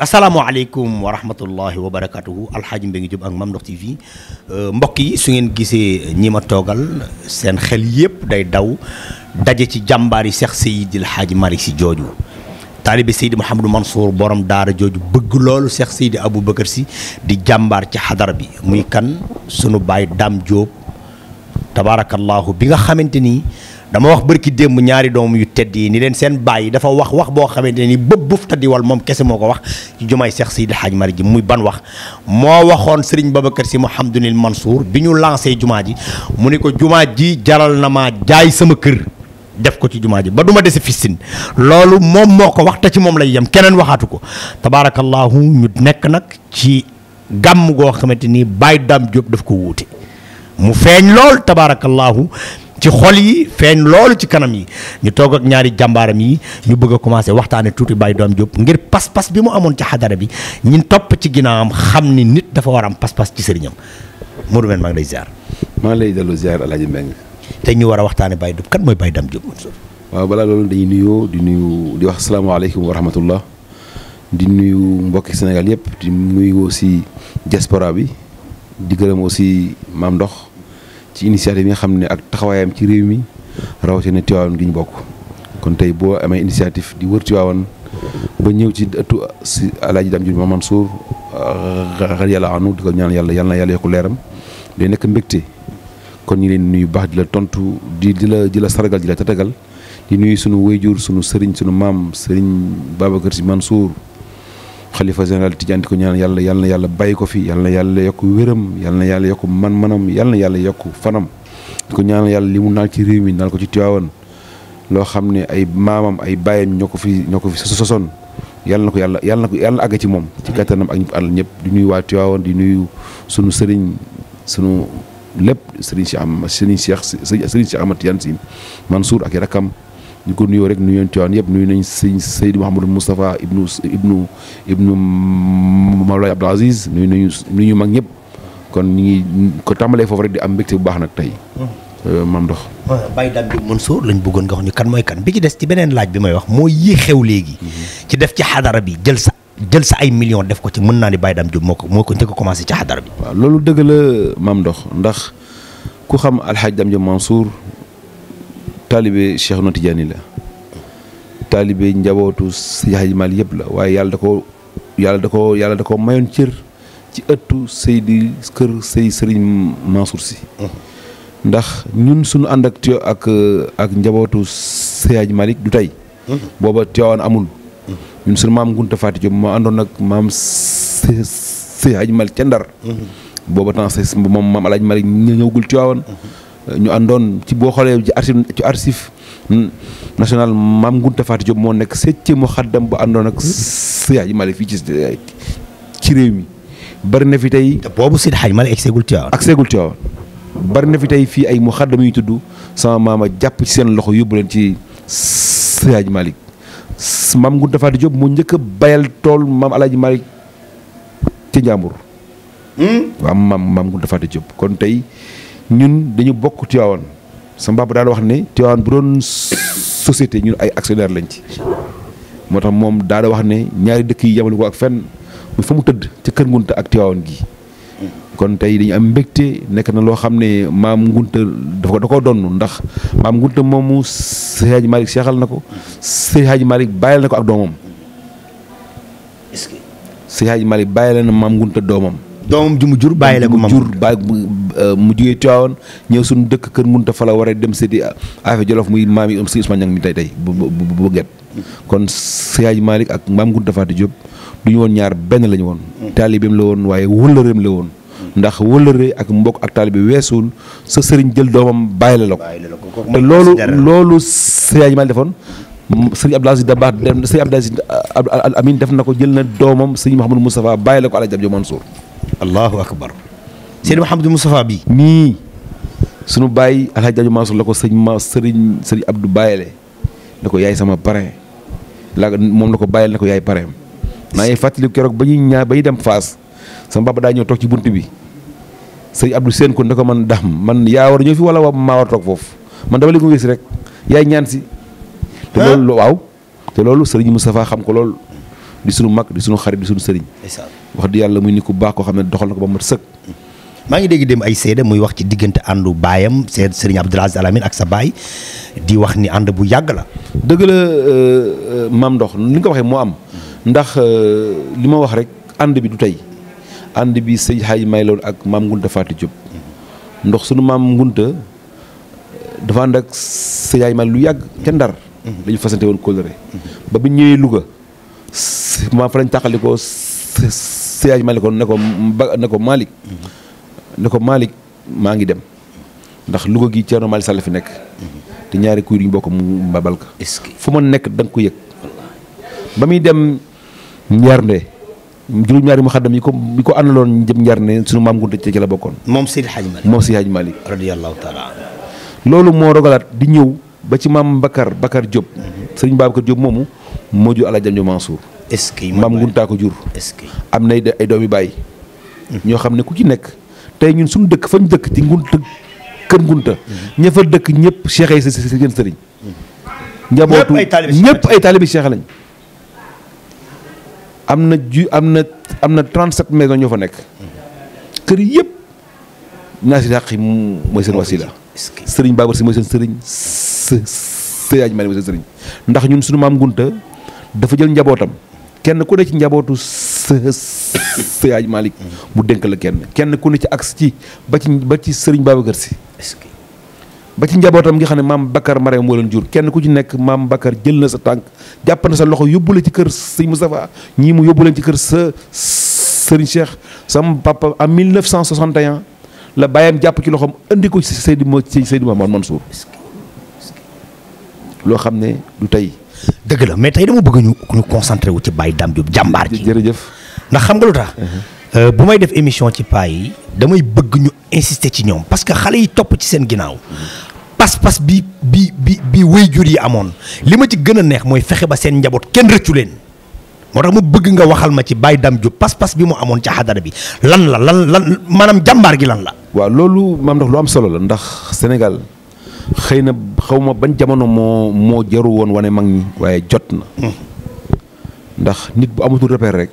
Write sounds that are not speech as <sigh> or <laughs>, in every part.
asalaamaaleykum wa rahmatullahi wa barakatuhu alxaaji Mbengue Diop ak Mame Ndokh TV euh, mbokk yi su ngeen gisee ñi ma toogal seen xel yépp day daw daje ci jàmbaari Cheikh Seydil Hadji mari Sy jooju taalibe Seydi Mouhamadou Mansour borom daara jooju bëgg loolu Cheikh Seydi abu Bakar si di jàmbaar ci xadara bi muy kan sunu baay Dame Diop tabaarakallahu bi nga xamante nii dama wax bërki démb ñaari doom yu tedd yi ni leen seen bàyyi dafa wax wax boo xamante ne ni bëb bu taddi wal moom kese moo ko wax ci jumaay Seex Seydi Hajji Maalik ji muy ban wax moo waxoon Serigne Babacar Sy Mouhamadoul Mansour bi ñu lancé jumaa ji mu ne ko jumaa ji jaral na maa jaay sama kër def ko ci jumaa ji ba du ma dese fistin loolu moom moo ko wax te ci moom lay yem keneen waxaatu ko tabaarakallaahu ñu nekk nag ci gàmm goo xamante ni Baye daam Diop daf ko wuute mu feeñ lool tabaarakallaahu ci xol yi feeñ loolu ci kanam yi ñu toog ak ñaari jàmbaaram yi ñu bëgg a commencé waxtaane tuuti Baye Dame Diop ngir pas-pas bi mu amoon ci xadara bi ñin topp ci ginnaawam xam ni nit dafa war am pas-pas ci sëriñam Modou Mbène maa ngi lay ziar. maa ngi lay dellu ziar El Hadj Mbengue. te ñu war a waxtaane Baye Diop kan mooy Baye Dame Diop. waaw balaa loolu dañuy nuyoo di di wax salaamaaleykum wa rahmatullah di nuyu mbokki Sénégal yëpp di nuyu si diaspora bi di gërëm aussi maam ndox. ci initiative yi nga xam ne ak taxawaayam ci réew mi rawatina Tiwaawan gi ñu bokk kon tey boo amee initiative di wër Tiwaawan ba ñëw ci ëttu si Alaaji Dame Diop Maam Mansour euh, yàlla anu di ko ñaan yàlla yal na yàlla yokk leeram day nekk mbégte kon ñu leen nuyu baax di la tontu di di la di la sargal di la tatagal di nuyu sunu wayjur sunu sëriñ sunu maam sëriñ Babacar Si Mansour xalifa général Tidiane di ko ñaan yàlla yàlla yàlla bàyyi ko fi yàlla na yàlla yokk wéram yàlla na yàlla yokk man-manam yàlla yàlla yokk fanam ko ñaan yàlla li mu naal ci réew mi naal ko ci Tiwaawan loo xam ne ay maamam ay baayam ñoo ko fi ñoo ko fi sosoon yàlla na ko yàlla yàlla na ko yàlla àgg ci moom ci kattanam ak ñu ko àndal ñëpp di nuyu waa Tiwaawan di nuyu sunu sëriñ sunu lépp sëriñ si am sëriñ Cheikh sëriñ si Mansour ak i rakkam ñu ko nuyoo rek nuyoon Tiwaawan yëpp nuyu nañ sëñ Seydi Mouhamadou Moustapha ibnu ibnu ibnu Mawlaay Abdou Aziz nuyu nañu nuyu mag ñëpp kon ñu ngi ko tàmbalee foofu rek di am mbégte bu baax nag tey hmm. euh, maam ndox euh, Baye Dame Diop Mansour lañ bëggoon nga wax ñu kan mooy kan bi ci des ci beneen laaj bi may wax moo yi xew léegi hmm. ci def ci xadara bi jël sa jël sa ay millions def ko ci mën naa ni Baye Dame Diop moo ko moo ko njëkk a commencé ci xadara bi loolu dëgg la maam ndox ndax ku xam alxaaj Dame Diop Mansour taalibe Cheikh na Tidiane la taalibe njabootu Seydi Hadji Malick yëpp la waaye yàlla da ko yàlla da ko yàlla da ko mayoon cër ci ëttu Seydi kër sëy Sëriñ Mansour si ndax ñun suñu ànd ak tio ak njabootu Seydi Hadji Malick du tey booba Tiwaawan amul ñun suñu maam Ngunta Faati Jóob moo àndoon ak maam Seydi Hadji Malick ca Ndar booba ñu àndoon ci boo xoolee ci archive ci archive national maam Ngunta Faati Diop moo nekk sëcce mu xaddam bu àndoon ak Seydi Hadji fii ci ci réew mi bari na fi tey. boobu Seydi Hadji Malick ak Ségul na fi tey fii ay mu xaddam yu tudd sama maama jàpp ci seen loxo yóbbu leen ci Seydi Hadji Malick maam Ngunta Faati Diop moo njëkk a bayal tool maam El Hadji ci Njàmbur. Hmm? waaw maam maam Ngunta Faati Diop kon tey. ñun dañu bokk Tivaouane sama papa daal wax ne Tivaouane bu doon société ñun ay actionnaire lañ ci moo tax moom daal wax ne ñaari dëkk yi yamalu ko ak fen mu fa mu tëdd ca kër ngunta ak Tivaouane gi kon tey dañu am mbégte nekk na loo xam ne maam ngunta dafa da koo donn ndax maam ngunta moomu Seydi Hadji Malick seexal na ko Seydi Hadji Malick bàyyil na ko ak doomam Seydi Hadji Malick na maam ngunta doomam doomam ju mu jur bàyyi la ko mam jur bàyyi euh, mu jugee Tiwaawan ñëw suñu dëkk kër munta fa la war a dem seeti euh, affaire Jolof muy maam yi si Ousmane Niang mi tey tey bu bu get kon Seydi Malick ak maam Gounta Faty Diop du ñu woon ñaar benn la ñu woon taalibeem la woon waaye wëllëreem la woon ndax wëllëre ak mbokk ak taalibe weesuwul sa sëriñ jël doomam bàyyi la ko te loolu loolu Seydi Malick defoon sëriñ Abdou Aziz Dabakh def sëriñ Abdou Aziz Amin def na ko jël na doomam sëriñ Mouhamadou Moustapha bàyyi la ko El Hadj Abdou Mansour allahu akbar hmm. Seydi Mouhamadou Moustapha bi nii suñu bàyyi El Hadj Hadj Mansour la ko sëñ ma sëriñ sëriñ Abdou le na ko yaay sama parrain la moom la ko bàyyil na ko yaay parrain maa ngi fàttali keroog ba ñuy ñaar ba ñuy dem Faas sama papa daa ñëw toog ci bunt bi sëriñ Abdou seen ko ne ko man dax man yaa war ñëw fi wala maa war a toog foofu man dama la si rek yaay ñaan si. te loolu waaw te loolu sëriñ Moustapha xam ko loolu. di suñu mag di suñu xarit di suñu sëriñ wax di yàlla muy ni ku baax koo xam ne doxal na ko ba mat sëkk maa ngi dégg dem ay seede muy wax ci diggante àndu baayam seed sëriñ Abdoul Aziz Al Amine ak sa baay di wax ni ànd bu yàgg la dëgg la euh, maam ndox li nga ko waxee moo am ndax euh, li ma wax rek ànd bi du tey ànd bi sëñ xaaj may loolu ak maam ngunta Fatou Diop ndox suñu maam ngunta euh, dafa ànd ak sëñ xaaj may lu yàgg ca ndar dañu mm-hmm. fasante woon kóllëre ba bi ñëwee ma fa lañ tàqalikoo Seydi Malick ne ko ne ko Malick ne maa ngi dem ndax Louga gi Thierno Malick Sall fi nekk te ñaari kuy duñ bokk mu babal ka fu ma nekk da ko yëg ba muy dem njarnde juróom ñaari mu xaddam yi ko yi ko àndaloon jëm njarnde suñu maam gunte la bokkoon moom Seydi Hadj Malick moom Seydi Hadj Malick radiyallahu taala loolu moo rogalaat di ñëw ba ci maam Bakar Bakar Diop mhm. sëriñ Babacar Diop moomu moo jur Alaaji Amdi Mansour. est maam Nguntaa ko jur. est am na ay doomi bàyyi. Mhm. ñoo xam ne ku ci nekk tey ñun suñu dëkk fañ dëkk ci ngunta kër ngunta mhm. ña dëkk ñëpp cheikh ay seen sëriñ. Mhm. njabootu ñëpp ay taalibi cheikh lañ. am na ju am na am na 37 maisons ñoo fa nekk. kër yëpp naa si xaq yi mooy seen wasila. sëriñ Babacar Si mooy seen sëriñ. së sëriñ Aji Maalik mooy seen sëriñ ndax ñun suñu maam Ngunta. dafa jël njabootam kenn ku ne ci njabootu Seydi Malick mu dénk la kenn kenn ku ne ci ak ci ba ci ba ci Serigne Babacar Sy ba ci njabootam nga xam ne maam Bakar Marème moo leen jur kenn ku ci nekk maam bakkar jël na sa tànk jàpp na sa loxo yóbbu la ci kër sëñ Moustapha ñii mu yóbbu leen ci kër sa Serigne Cheikh sama papa en 1961 la bàyyam jàpp ci loxoom indi ko ci Seydou Seydou Mamadou Mansour loo xam ne du tey. dëgg la mais tey dama bëgg ñu ñu concentré wu ci Baye Dame Diop jàmbaar ji. jërëjëf ndax xam nga lu tax. Mhm. Euh, bu may def émission ci paa yi damay bëgg ñu insister ci ñoom parce que xale yi topp ci seen ginnaaw. pas-pas bi bi bi bi jur yi amoon li ma ci gën a neex mooy fexe ba seen njaboot kenn rëccu leen moo tax mu bëgg nga waxal ma ci Baye Dame Diop pas-pas bi mu amoon ci xadara bi lan la lan lan maanaam jàmbaar gi lan la. waa loolu maam ndax lu am solo la ndax Sénégal. xëy na xawma ma ban jamono moo moo jaru woon wane mag ñi waaye jot na. Hmm. ndax nit bu amatul repère rek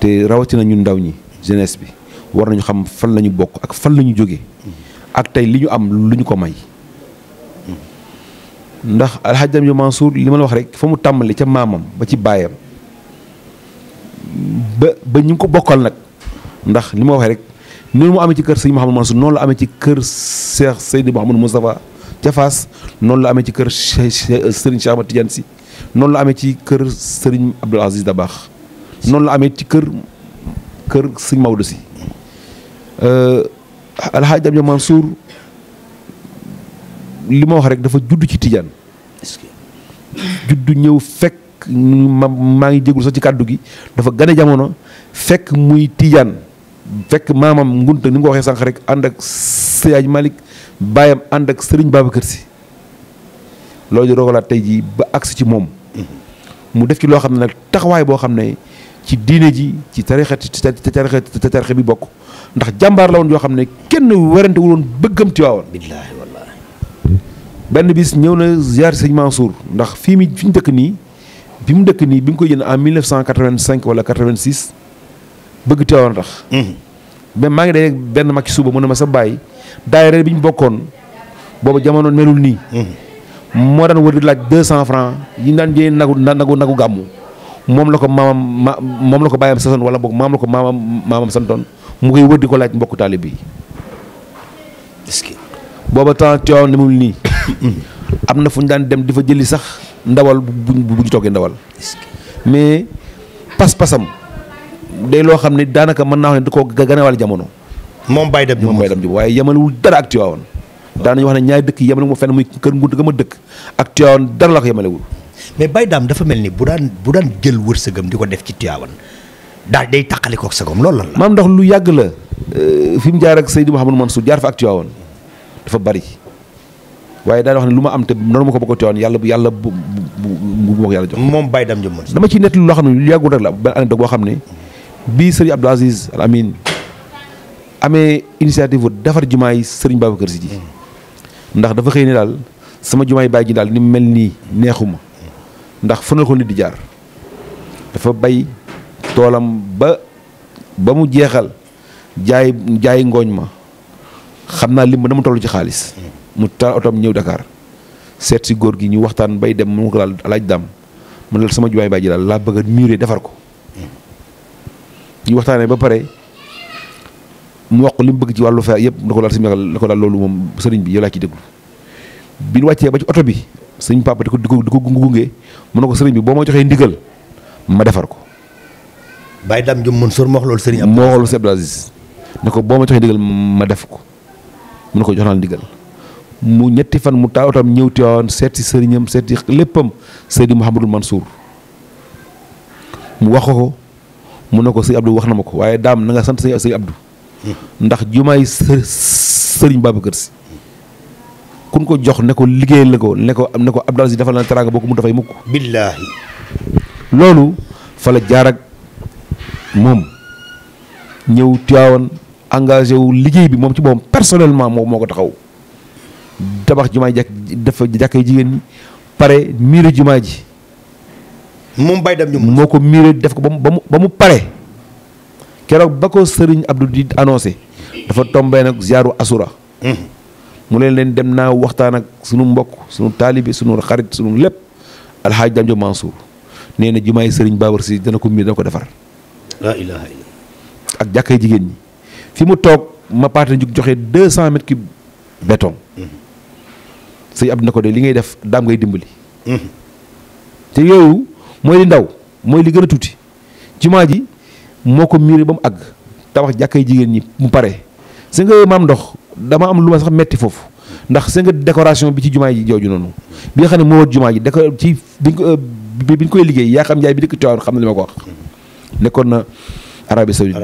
te rawatina ñu ndaw ñi genes bi war nañu xam fan lañu bokk ak fan la ñu jóge hmm. ak tey li ñu am lu ñu ko may. ndax Alxaaji Lamine Mansour li ma la wax rek fa mu tàmbali ca maamam ba ci baayam ba ñu ngi ko bokkal nag ndax li ma waxee rek noonu mu amee ci kër sëñ Mouhamadou Mansour noonu la amee ci kër Cheikh Seydi Mouhamadou Moustapha ca Fass noonu la amee ci kër Serigne Cheikh Ahmad Tidiane Sy noonu la amee ci kër Serigne Abdoul Aziz Dabakh noonu la amee ci kër kër sëñ Maodo Sy Alhaaj euh, Abdou Mansour li ma wax rek dafa judd ci Tidiane judd ñëw fekk ma maa ngi jégul sax ci kàddu gi dafa gane jamono fekk muy Tidiane fekk maamam ngunta ni nga ko waxee sànq rek ànd ak Seydi Malick baayam ànd ak Serigne Babacar Sy loolu di rogalaat tey jii ba agsi ci moom mu def ci loo xam ne taxawaay boo xam ne ci diine ji ci tarixa ci tarixa tarixa bi bokk ndax jàmbaar la woon yoo xam ne kenn werante wul woon bëggam Tiwaawan billaahi wallaahi benn bis ñëw na ziar sëñ Mansour ndax fii mi fi ñu dëkk nii bi mu dëkk nii bi mu koy jënd en 1985 wala 86 bëgg Tiwaawan tax ba maa ngi dee benn mag ci suba mu ne ma sa bàyyi daayira bi ñu bokkoon boobu jamono melul nii. Mm-hmm. moo daan wër di laaj deux cent francs yi ñu daan jëyee nagu nagu nagu gàmmu moom la ko maamam ma moom la ko bàyyam santoon wala boog maam la ko maamam maamam santoon mu koy wër di ko laaj mbokku taalib bi. que booba temps Tiwaawan demul nii. Mm-hmm. am na fu ñu daan dem di fa jëli sax ndawal bu bu bu ñu toggee ndawal. mais pas-pasam. day loo xam ne daanaka mën naa wax ne da koo ganewaale jamono. moom Baye Dame moom Baye Dame waaye yemalewul dara ak Tiwaawan. daan nañu wax ne ñaari dëkk yemale mu fenn muy kër ngudd ga ma dëkk ak Tiwaawan dara la ko yemalewul. mais Baye Dame dafa mel ni bu daan bu daan jël wërsëgam di ko def ci Tiwaawan daal day taqali koog sagam loolu lan la. maam ndax lu yàgg la euh, fi mu jaar ak Seydou Mouhamadou Mansour jaar fa ak Tiwaawan dafa bari waaye daanaka wax ne lu ma am te noonu ma ko bëgg a Tiwaawan yàlla bu yàlla bu bu bu ma ko yàlla jox. moom Baye Dame Diop dama ci nett loo xam ne lu yàggul rek la benn anecdote boo xam ne bii sëriñ Abdou Aziz Al Amin amee initiative defar jumaa yi sëriñ Babacar Si ji ndax dafa xëy ne daal sama jumaa yi bàyyi ji daal ni mel nii neexuma ndax fënal ko nit di jaar dafa bay toolam ba ba mu jeexal jaay jaay ngooñ ma xam naa lim ba dama tollu ci xaalis mu taal otoom ñëw Dakar seet si góor gi ñu waxtaan bay dem mu ko daal alaaj daam mu ne sama jumaa yi bàyyi ji daal laa bëgg a muré defar ko ñu waxtaanee ba pare mu wax ko li mu bëgg ci wàllu fa yëpp na ko daal si la ko loolu moom sëriñ bi yow laa ciy déglu bi ñu wàccee ba ci oto bi sëriñ papa di ko di ko di gunge mun ne ko sëriñ bi boo ma joxee ndigal ma defar ko. Baye Dame Diop Mansour moo wax loolu sëriñ. moo wax loolu ne ko boo ma joxee ndigal ma def ko mu ko jox naa ndigal mu ñetti fan mu taaw tam ñëw Tiwaawan seet si sëriñam seet si léppam Seydi Mouhamadul Mansour mu wax ko ko mu ne ko sëñ Abdou wax na ma ko waaye daam na nga sant sëñ sëñ Abdou ndax jumaay sëriñ Babacar Si kun ko jox ne ko liggéey la ko ne ko ne ko Abdou Aziz defal na teraanga boo ko mu dafay mukk billaahi loolu fa la jaar moom ñëw Tiwaawan engagé wu liggéey bi moom ci boppam personnellement moom moo ko taxaw tabax jumaay jàkk dafa jàkkee jigéen ñi pare miire jumaa ji moom Baye Dame moo ko miiree def ko ba mu ba mu pare keroog ba ko sëriñ Abdou di annoncé dafa tombé nag ziaru Asura. Hmm. mu leen leen dem naa waxtaan ak sunu mbokk sunu taalibi sunu xarit sunu lépp alxaaj Dame Diop Mansour nee na jumaay Serigne Babacar Sy dana ko miir dana ko defar. la ak jàkkay jigéen ñi fi mu toog ma paate ñu joxe deux cent mètres cube béton. Hmm. sëñ na ko de li ngay def daam ngay dimbali. Hmm. te yooyu. mooy li ndaw mooy li gën a tuuti jumaa ji moo ko miir ba mu àgg tabax jàkkay jigéen ñi mu pare sa nga am ndox dama am lu ma sax metti foofu ndax sa nga décoration bi ci jumaa ji jooju noonu bi nga xam ne moo wër jumaa ji déco ci euh, bi ñu koy liggéey yaa xam njaay bi dëkk Tiwaawan xam na li ma ko wax nekkoon na Arabie Saoudite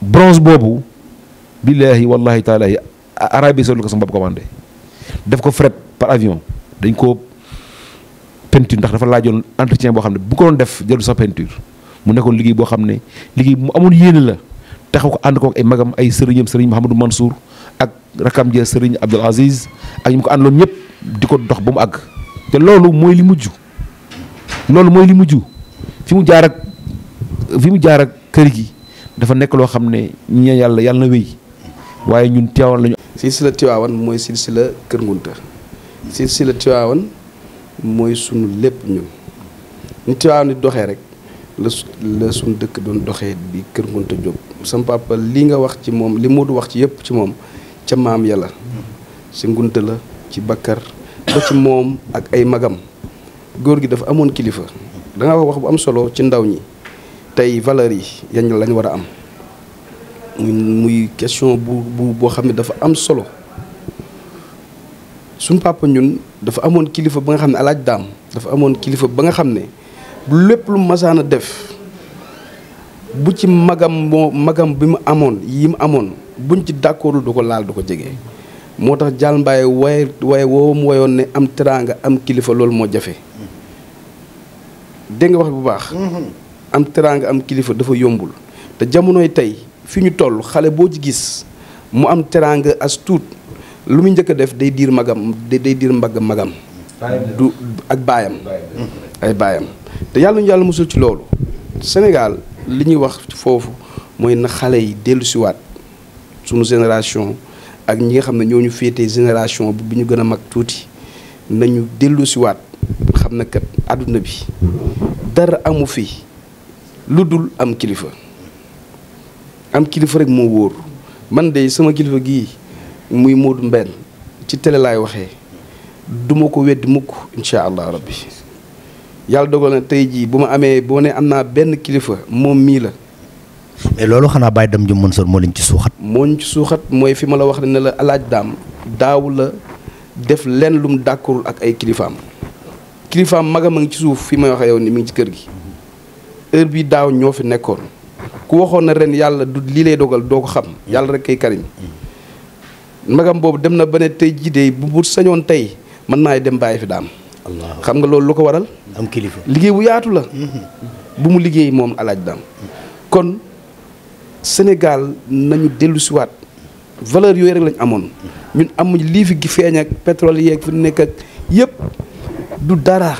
bronze boobu billaahi wallahi taala yi Arabie Saoudite ko sama bopp commandé def ko fret par avion dañ ko peinture ndax dafa laajoon entretien boo xam ne bu ko doon def jarul sax peinture mu nekkoon liggéey boo xam ne liggéey mu amul yéene la taxaw ko ànd kook ay magam ay sëriñam sëriñ Mouhamadou Mansour ak rakam ja sëriñ Abdoul Aziz ak ñu ko àndaloon ñëpp di ko dox ba mu àgg te loolu mooy li mujj loolu mooy li mujj fi mu jaar ak fi mu jaar ak kër gi dafa nekk loo xam ne ña yàlla yàlla na wéy waaye ñun Tiwaawan lañu. silsila Tiwaawan mooy silsila Kër Ngunta silsila Tiwaawan mooy sunu lépp ñun ni Tiwaawan di doxee rek la la sunu dëkk doon doxee bi Kër Ngunta Diop sama li nga wax ci moom li Modou wax ci yëpp ci moom ca maam yàlla si Ngunta la ci Bakkar ba ci moom ak ay magam góor gi dafa amoon kilifa da wax wax bu am solo ci ndaw ñi tey valeur yi yañ lañ war a am muy muy question bu boo xam ne dafa am solo suñ papa ñun dafa amoon kilifa ba nga xam ne alaaj daam dafa amoon kilifa ba nga xam ne lépp lu masaan a def bu ci magam moo magam bi mu amoon yi mu amoon buñ ci d'accordul du ko laal du ko jege moo tax Dial Mbaye waaye waaye woowam woyoon ne am teraanga am kilifa loolu moo jafe dégg nga bu baax mm-hmm. am teraanga am kilifa dafa yombul te jamonoy tey fi ñu toll xale boo ci gis mu am teraanga as lu muy njëkk a def day diir magam day diir mbagg magam du ak baayam ay baayam te yàlla ñu yàlla mosul ci loolu Sénégal li ñuy wax foofu mooy na xale yi dellusiwaat siwaat suñu génération ak ñi nga xam ne ñoo ñu féete génération bi ñu gën a mag tuuti nañu dellusiwaat xam na kat àdduna bi dara amu fi lu dul am kilifa am kilifa rek moo wóor man de sama kilifa gii muy Modou mbenn ci télé laay waxee du ko weddi mukk incha allah rabbi yàlla dogal na tey jii bu ma amee boo ne am naa benn kilifa moom mii la. mais loolu xanaa bàyyi dem ju Mansour moo leen ci suuxat. moo suuxat mooy fi ma la wax ne la alaaj daam daaw la def lenn lum dàkkurul ak ay kilifaam kilifaam magam a ngi ci suuf fi may wax yow ni mi ngi ci kër gi heure bii daaw ñoo fi nekkoon ku waxoon na ren yàlla du lii lay dogal doo ko xam yàlla rek kay kariñ magam boobu dem na ba ne tey jii de bu bu sañoon tey mën naay dem bàyyi fi daam. xam nga loolu lu ko waral. am kilifa liggéey bu yaatu la. Mhm. bu mu liggéey moom alaaj daam. kon Sénégal nañu dellusiwaat siwaat valeur yooyu rek lañ amoon ñun amuñ lii fi feeñ ak pétrole yeeg fi nekk ak yépp du dara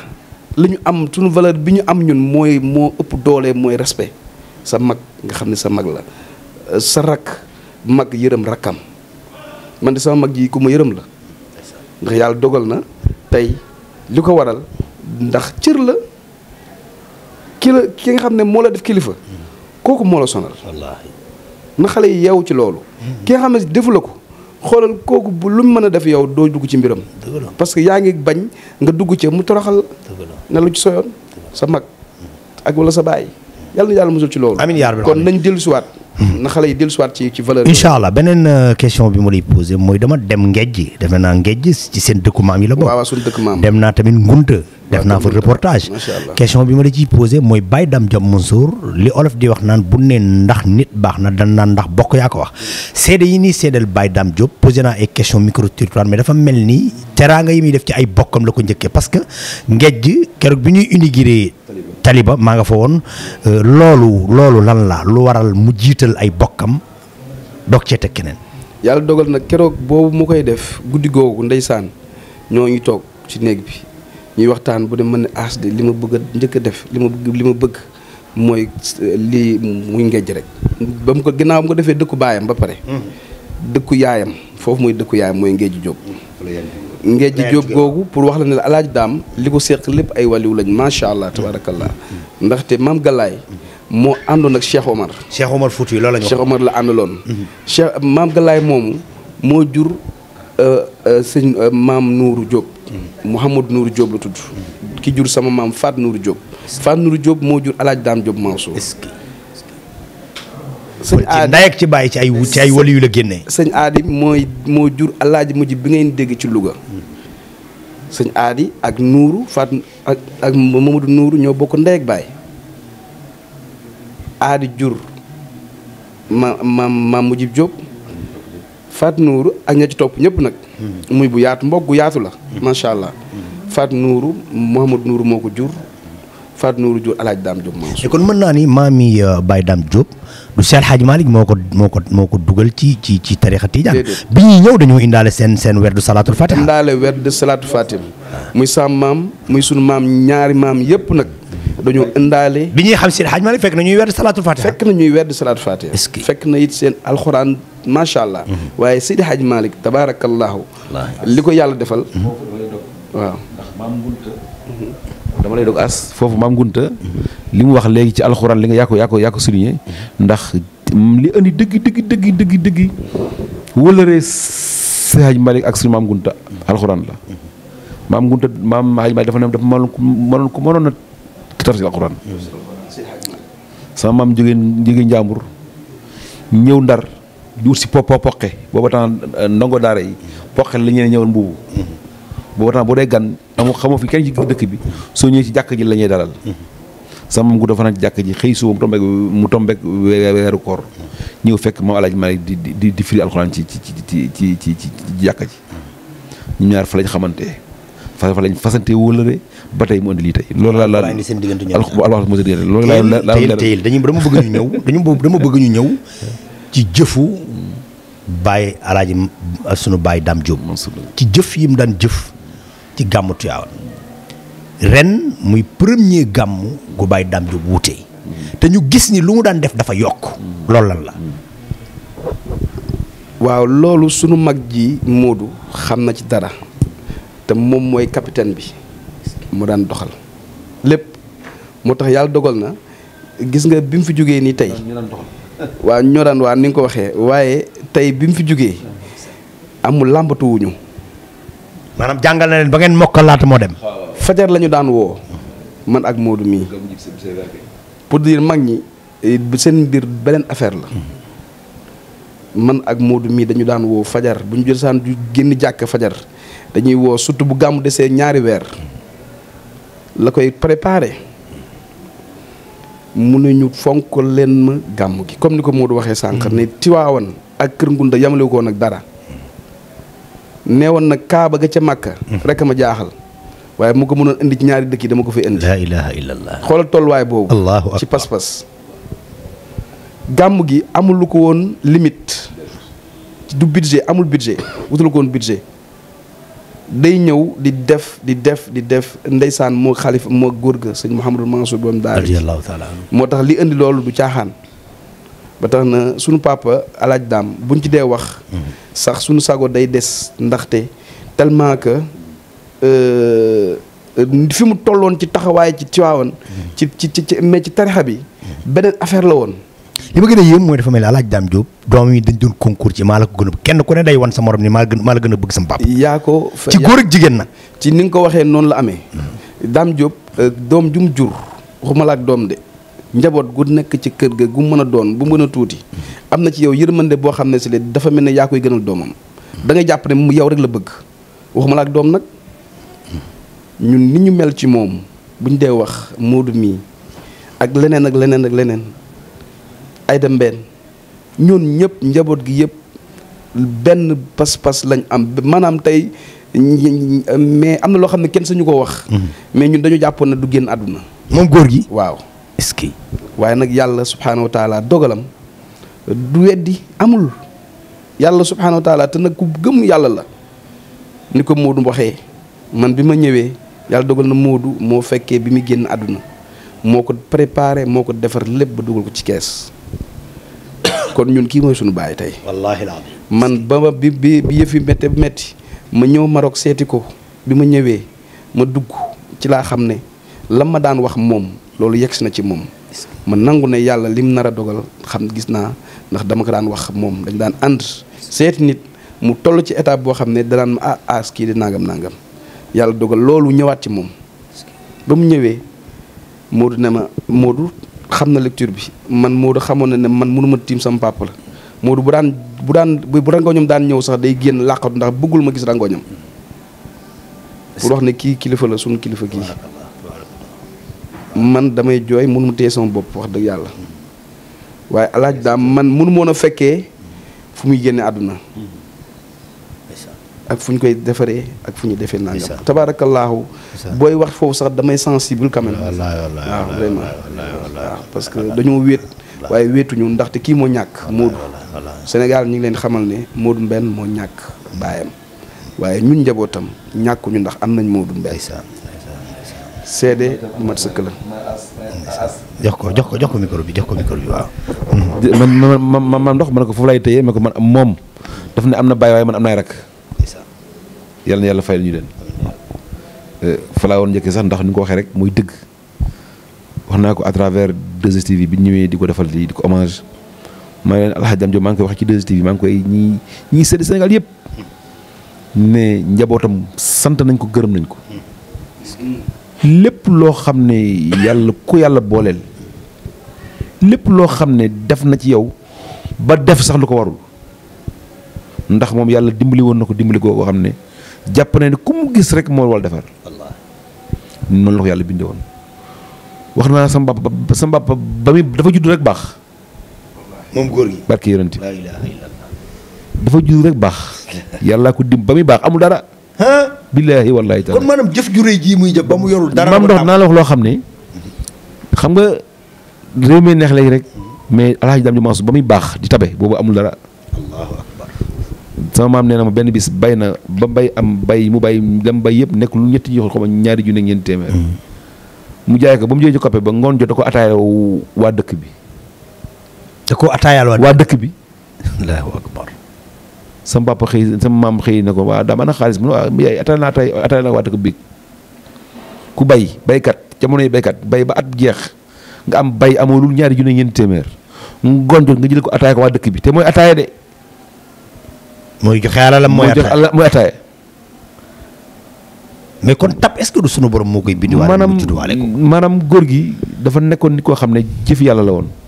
li ñu am suñu valeur bi ñu am ñun mooy moo ëpp doole mooy respe sa mag nga xam ne sa mag la sa rakk mag yërëm rakkam. man de sama mag yi ku ma yërëm la ndax yàlla dogal na tey li ko waral ndax cër la ki ki nga xam ne moo la def kilifa kooku moo la sonal na xale yi yeewu ci loolu hmm. ki nga xam ne defu la ko xoolal kooku bu lu mën a def yow doo dugg ci mbiram parce que yaa ngi bañ nga dugg ci mu toroxal na lu ci soyoon sa mag ak wala sa baay yàlla na yàlla mosul ci loolu kon nañ dellusiwaat na xale yi dellusiwaat ci ci valeur. incha allah beneen euh, question bi ma lay posé mooy dama dem Ngejj defe naa Ngejj ci seen dëkku maam yi la bokk. waaw suñu dëkku dem naa tamit Ngunta. def naa fa reportage. question bi ma la ciy posé mooy Baye Dame Diop Mansour li olof di wax naan bu neen ndax nit baax na dan naan ndax bokk yaa ko wax. seede yi nii seedeel baay Dame Diop posé naa ay question micro territoire mais dafa mel ni teraanga yi muy def ci ay bokkam la ko njëkkee parce que Ngejj keroog bi ñuy inauguré taliba maa nga fa woon euh, loolu loolu lan la lu waral mu jiital ay bokkam doog cee keneen. yàlla dogal nag keroog boobu mu koy def guddi googu ndeysaan ñoo ñu toog ci néeg bi ñuy waxtaan bu dem mën a aas li ma bëgg njëkk a def li ma bëgg li ma bëgg mooy lii muy ngejj rek. ba mu ko ginnaaw mu ko defee dëkku baayam ba pare. Mm. dëkku yaayam foofu mooy dëkku yaayam mooy ngejj jóg. ngeej jóob googu pour wax la ne alaaj daam li ko seq lépp ay waliw lañ macha allah tabarakallah ndaxte maam Galaay moo àndoon ak Cheikh Omar. Cheikh Omar Fouti loolu la ñu la àndaloon. Mhm. Cheikh maam Galaay moomu moo jur euh, euh, sëñ euh, maam Nuuru Diop. Mhm. Mouhamad Nuuru jóob la tudd. Mhm. ki jur sama maam Faat Nuuru Diop. Faat Nuuru Diop moo jur alaaj daam Diop Mansour. sëñ aadi ci ci bàyyi ci ay ci ay wali yu la génnee. sëñ aadi mooy moo jur alaaji mujj bi ngeen dégg ci Louga. sëñ aadi ak Nuuru Faat ak ak Nuuru ñoo bokk ndey ak bàyyi. aadi jur ma ma ma mujjib jóg Faat Nuuru ak ña ci topp ñëpp nag. Hmm. muy bu yaatu mbokk bu yaatu la. Hmm. macha allah. Faat Nuuru Mouhamadou Nuuru moo ko jur. Fatou Nourou Diour El Hadj Dame Diop kon mën naa ni maam euh, Baye Dame Diop du Cheikh Hadj Malick moo ko moo ko moo ko dugal ci ci ci tarixa tijaan bi ñuy ñëw dañoo indaale seen seen werdu salaatul faatiha. indaale werdu salaatul faatiha muy sam maam muy sunu maam ñaari maam yëpp nag. dañoo indaale. bi ñuy xam Cheikh Hadj Malick fekk na ñuy werdu salaatul faatiha. fekk na ñuy werdu salaatul faatiha. est-ce fekk na it seen alxuraan macha allah. Mhm. waaye Seydi Hadj Malick tabaarakallahu. li ko yàlla defal. Mhm. waaw. dama lay dog as foofu maam Ngunta li mu wax léegi ci alxuraan li nga yaa ko yaa ko ndax li indi dëgg dëgg dëgg dëgg dëgg wëlëree Sëñ Malick ak suñu maam Ngunta alxuraan la maam Ngunta maam Haj Malick dafa ne dafa mënoon ku mënoon a tafsir alxuraan sama maam jógee jógee ñëw Ndar di wut si po poqe booba temps eh, ndongo daara yi poqe la ñuy ñëwoon boobu boo tax bu dee gan amu xamoo fi kenn ci dëkk bi soo ñëwee ci jàkk ji la ñuy dalal mm-hmm. sama moom gudda fanaan ci jàkk ji xëy suba mu tombeek mu tombeek weeru koor mm-hmm. ñëw fekk moom Alaaji Maalik di di di firi alxuraan ci ci ci ci ci ci jàkk ji mm-hmm. ñu ñaar fa lañ xamante fa fa lañ fasante wóolare ba tey mu andi lii tey loolu laa laa indi seen diggante ñoom alxuraan moo seen diggante loolu laa laa teyil dañu dama bëgg ñu ñëw <laughs> dañu dama bëgg ñu ñëw ci jëfu mm. bàyyi alaaji sunu bàyyi Daam Jóob ci jëf yi mu daan jëf ci gàmmu Tiwaawan ren muy premier gàmmu gu Baye Dame Diop wuute te ñu gis ni lu mu daan def dafa yokk loolu lan la waaw loolu sunu mag ji Moodu xam na ci dara te moom mooy capitaine bi mu daan doxal lépp moo tax yàlla dogal na gis nga bi mu fi jógee nii tey waaw ñoo daan waa ni nga ko waxee waaye tey bi mu fi jógee amul làmbatuwuñu maanaam jàngal na leen ba ngeen mokkal laata moo dem. fajar la ñu daan woo. man ak Modou mii. pour diir mag ñi. Eh, seen mbir beneen affaire la. man ak moodu mii dañu daan woo fajar bu ñu jël saan du génn jàkk fajar dañuy woo surtout bu gàmmu desee ñaari weer la koy préparé mënuñu fonk leen ma gàmm gi comme ni ko Modou waxee sànq. Mm-hmm. ne Tiwaawan ak Kër Ngunda yamalewu ko woon dara. neewoon na kaaba ga ca màkka hmm. rek ma jaaxal waaye mu ko mënoon indi ci ñaari dëkk yi dama ko fi indi. la ilaha illallah. xoolal tolluwaay boobu. allahu ci pas-pas. gàmm gi amul lu ko woon limite. du budget amul budget wutul ko woon budget. day ñëw di def di def di def ndeysaan moo xalifa moo góor ga sëñ Mouhamadul Mansour bam daal. radiyallahu moo tax li indi loolu du caaxaan. ba tax na sunu papa alaaj daam buñ ci dee wax. Hmm. sax suñu sago day des ndaxte tellement que euh, fi mu tolloon ci taxawaay ci Tiwaawan ci ci ci ci tarixa bi beneen affaire la woon li ma gën a yéem mooy dafa mel ni Alaaji Daam Jóob doom yi dañ doon concours ci maa la ko gën a kenn ku ne day wan sa morom ni maa gën maa la gën a bëgg sam papa yaa ko ci góor ak jigéen nag ci ni nga ko waxee noonu la amee Daam Jóob euh, doom jum jur waxuma la ak doom de njaboot gu nekk ci kër ga gu mën a doon bu mën a tuuti am na ci yow yërmande boo xam ne si le dafa mel ne yaa koy gënal doomam da nga jàpp ne mu yow rek la bëgg waxuma la ak doom nag ñun ni ñu mel ci moom buñ dee wax Modou mii ak leneen ak leneen ak leneen Aïda Mbène ñoon ñëpp njaboot gi yëpp benn pas-pas lañ am maanaam tey mais am na loo xam ne kenn ñu ko wax mm-hmm. mais ñun dañu jàppoon na du génn àdduna moom góor gi waaw iski waaye nag yàlla subhaanahu wa dogalam du weddi amul yàlla subhaanahu wa taala te nag ku gëm yàlla la ni ko Moodu waxee man bi ma ñëwee yàlla dogal na Moodu moo fekkee bi mu génn àdduna moo ko préparé moo ko defar lépp ba dugal ko ci kees <coughs> kon ñun kii mooy suñu bàyyi tey. wallaahi la man ba bi bi bi yëf yi méttee métti ma ñëw Maroc seeti ko bi ma ñëwee ma dugg ci laa xam ne lan ma daan wax moom. loolu yegg si na ci moom ma nangu ne yàlla lim nar a dogal xam gis naa ndax dama ko daan wax moom dañ daan ànd seeti nit mu toll ci étape boo xam ne danaan ma aas kii di nangam nangam yàlla dogal loolu ñëwaat ci moom ba mu ñëwee Modou ne ma Modou xam na lecture bi man Modou xamoon na ne man mënuma tiim sama pàpp la Modou bu daan bu daan bu rangoñam daan ñëw sax day génn làqatu ndax bëggul ma gis rangoñam pour wax ne kii kilifa la sunu kilifa kii man damay jooy mënuma mu téye sama bopp wax dëgg yàlla waaye alaaj daam man mënu moon a fekkee fu muy génne àdduna ak fu ñu koy defaree ak fu ñu defee nangam tabaarakallaahu booy wax foofu sax damay sensible quand même waaw ah, vraiment ah, parce que dañoo wéet waaye wéetuñu ndaxte kii moo ñàkk Modou Sénégal ñu ngi leen xamal ne Modou mbenn moo ñàkk baayam waaye ñun njabootam ñàkkuñu ndax am nañ Modou Mbène seede mat sëkk jox ko jox ko jox ko micro bi jox ko micro bi waaw. man man man ndox man ko foofu laay téye ma ko man moom daf ne am na bàyyi waaye man am naay rak yal na yàlla fayal ñu leen. Eh, fa laa woon njëkkee sax ndax ni ko waxee rek mooy dëgg wax naa ko à travers 2STV bi ñëwee di ko defal lii di ko hommage maa ngi leen Alxaaji Dame Diop koy wax ci 2STV maa ngi koy ñii ñii sédd Sénégal yépp hmm. ne njabootam sant nañ ko gërëm nañ ko. Hmm. lépp loo xam ne yàlla ku yàlla booleel lépp loo xam ne def na ci yow ba def sax lu ko warul ndax moom yàlla dimbali woon na ko dimbali koo xam ne jàpp na ne ku mu gis rek moo war defar noonu la ko yàlla bindee woon wax naa sa bàpp sama bàpp ba muy dafa judd rek baax. moom góor <laughs> yàlla ko dim ba muy baax amul dara. billaahi wallaahi taala kon maanaam ju jii muy jëf ba mu yorul dara maam ndox naa la wax loo xam ne xam nga réew mi neex léegi rek mais alaaji daam ji Mansour ba muy baax di tabe boobu amul dara allahu akbar sama maam nee na ma benn bis bay na ba bay am bay mu bay dem bay yëpp nekk lu ñetti jox ko ma ñaari junne ñeenti téeméer hmm. mu jaay ko ba mu jëlee ci ba ngoon jot ko ataaya waa dëkk bi da ko ataayaal waa dëkk bi <laughs> sa papa xëy sama maam xëy na ko waaw daa mën a xaalis mu ne waaw ah, yaay atal naa tey atal waa dëkk biig ku bay baykat jamonoy baykat bay ba at jeex nga am bay amoo lu ñaari junne ñeenti téeméer ngoon jot nga jël ko ataaya ko waa dëkk bi te mooy ataaya de. mooy joxe alalam mooy ataaya mooy ataaya mais kon tab est-ce que du sunu borom moo koy bindiwaale. maanaam maanaam góor gi dafa nekkoon nit koo xam ne jëf yàlla la woon.